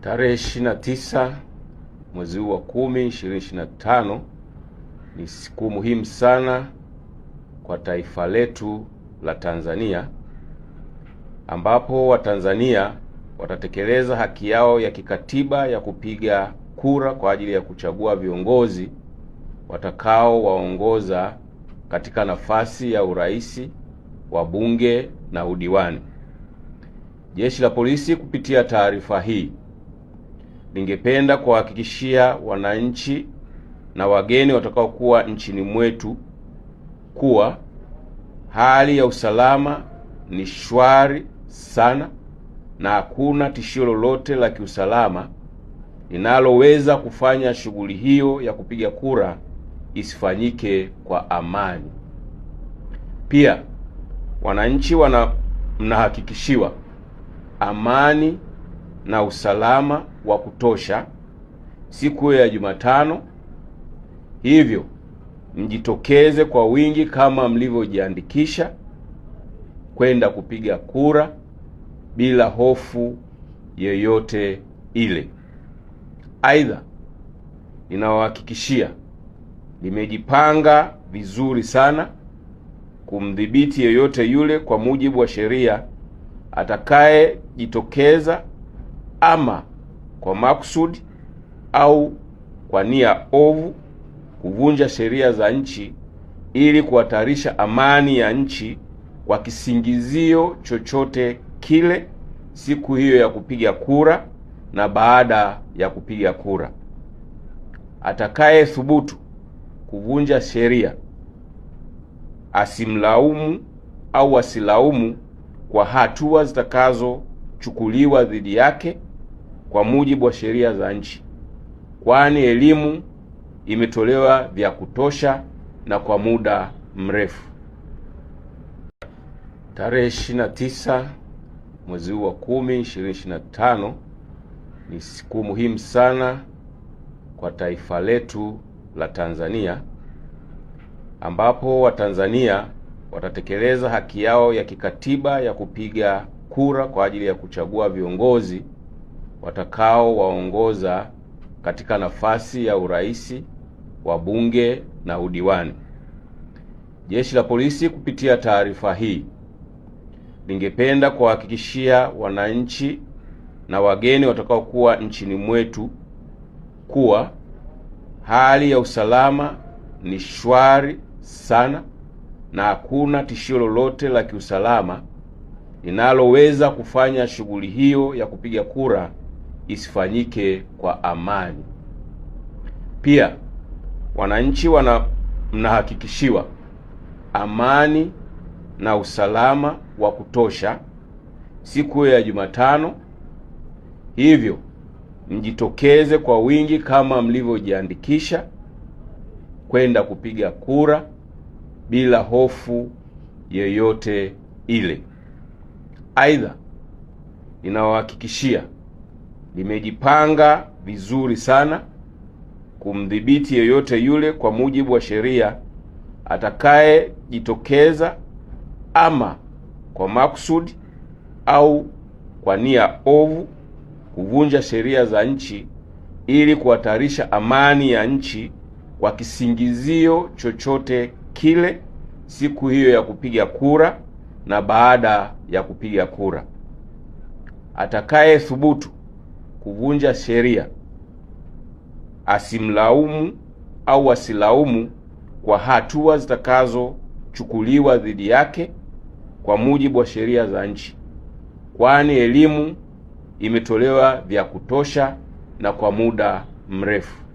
tarehe tisa mwezi huu wa na tano ni siku muhimu sana kwa taifa letu la Tanzania, ambapo Watanzania watatekeleza haki yao ya kikatiba ya kupiga kura kwa ajili ya kuchagua viongozi watakaowaongoza katika nafasi ya urais, wabunge na udiwani. Jeshi la Polisi kupitia taarifa hii ningependa kuwahakikishia wananchi na wageni watakaokuwa nchini mwetu kuwa hali ya usalama ni shwari sana na hakuna tishio lolote la kiusalama linaloweza kufanya shughuli hiyo ya kupiga kura isifanyike kwa amani. Pia wananchi wana mnahakikishiwa amani na usalama wa kutosha siku ya Jumatano, hivyo mjitokeze kwa wingi kama mlivyojiandikisha kwenda kupiga kura bila hofu yeyote ile. Aidha, ninawahakikishia limejipanga vizuri sana kumdhibiti yeyote yule kwa mujibu wa sheria atakayejitokeza ama kwa makusudi au kwa nia ovu kuvunja sheria za nchi ili kuhatarisha amani ya nchi kwa kisingizio chochote kile siku hiyo ya kupiga kura na baada ya kupiga kura. Atakaye thubutu kuvunja sheria asimlaumu au asilaumu kwa hatua zitakazochukuliwa dhidi yake kwa mujibu wa sheria za nchi, kwani elimu imetolewa vya kutosha na kwa muda mrefu. Tarehe 29 mwezi huu wa 10 2025 ni siku muhimu sana kwa taifa letu la Tanzania, ambapo Watanzania watatekeleza haki yao ya kikatiba ya kupiga kura kwa ajili ya kuchagua viongozi watakaowaongoza katika nafasi ya uraisi, wabunge na udiwani. Jeshi la Polisi kupitia taarifa hii lingependa kuwahakikishia wananchi na wageni watakaokuwa nchini mwetu kuwa hali ya usalama ni shwari sana na hakuna tishio lolote la kiusalama linaloweza kufanya shughuli hiyo ya kupiga kura isifanyike kwa amani. Pia wananchi wana mnahakikishiwa amani na usalama wa kutosha siku ya Jumatano, hivyo mjitokeze kwa wingi kama mlivyojiandikisha kwenda kupiga kura bila hofu yoyote ile. Aidha, ninawahakikishia limejipanga vizuri sana kumdhibiti yeyote yule kwa mujibu wa sheria atakayejitokeza ama kwa maksudi au kwa nia ovu kuvunja sheria za nchi ili kuhatarisha amani ya nchi kwa kisingizio chochote kile siku hiyo ya kupiga kura na baada ya kupiga kura. Atakaye thubutu kuvunja sheria asimlaumu au asilaumu kwa hatua zitakazochukuliwa dhidi yake kwa mujibu wa sheria za nchi, kwani elimu imetolewa vya kutosha na kwa muda mrefu.